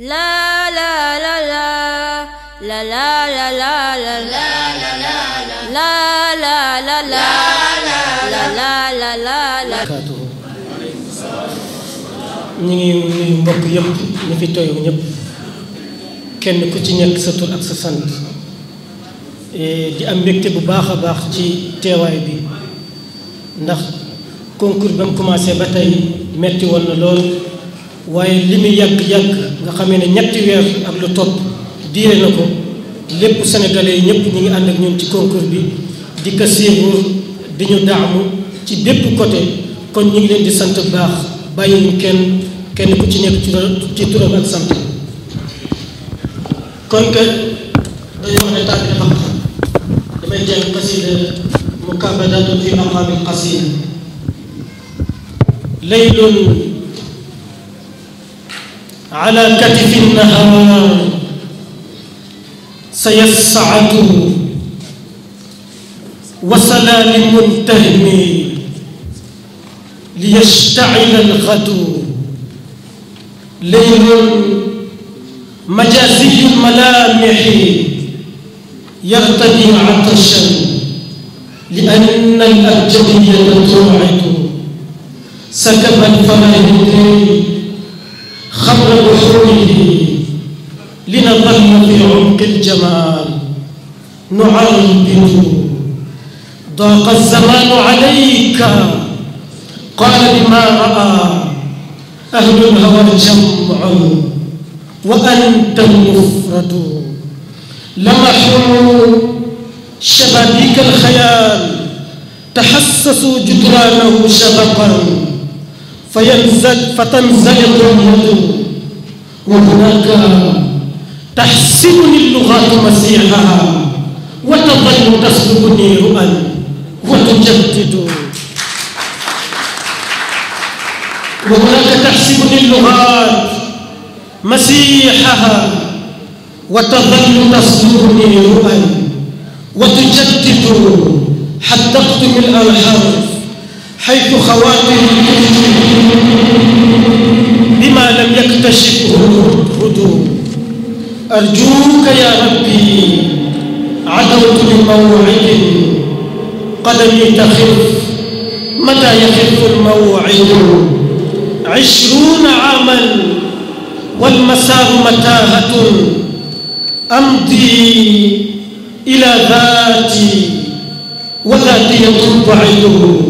la la la la la la la la la la la la la la la la ñu ngi nuyu mbokk yëpp ñu fi toyu ñëpp kenn ku ci nekk sa tur ak sa sant e, di am mbégte bu baax a baax ci teewaay bi ndax concours ba mu commencé ba tey metti woon na lool waaye li muy yàgg-yàgg nga xamee ne ñetti weer ak lu topp diire na ko lépp sénégalais yi ñëpp ñu ngi ànd ak ñun ci concours bi di ko siiwur di ñu daamu ci bépp côté kon ñu ngi leen di sant baax bàyyiwuñ kenn ku ci nekk ci turam ak sant kon que dañuy wax ne tàgg dafa xam damay jàng xasida mu kabadatu fi maqaamil xasida laylun على كتف النهار سيسعته وسلام منتهم ليشتعل الغد ليل مجازي الملامح يغتدي عطشا لأن الأبجدية توعد سكب الفراهدين قبل دخوله لنظل في عمق الجمال نعبد ضاق الزمان عليك قال بما رأى أهل الهوى جمع وأنت المفرد لمحوا شبابيك الخيال تحسسوا جدرانه شبقا فينزل فتنزلق يده وهناك تحسبني اللغات مسيحها وتظل تسلبني رؤى وتجدد وهناك تحسبني اللغات مسيحها وتظل تسلبني رؤى وتجدد حدقت من الحرف حيث خواتم بما لم يكتشفه الهدوء أرجوك يا ربي عدوت لموعد قدمي تخف متى يخف الموعد عشرون عاما والمسار متاهة أمضي إلى ذاتي وذاتي يطول بعيده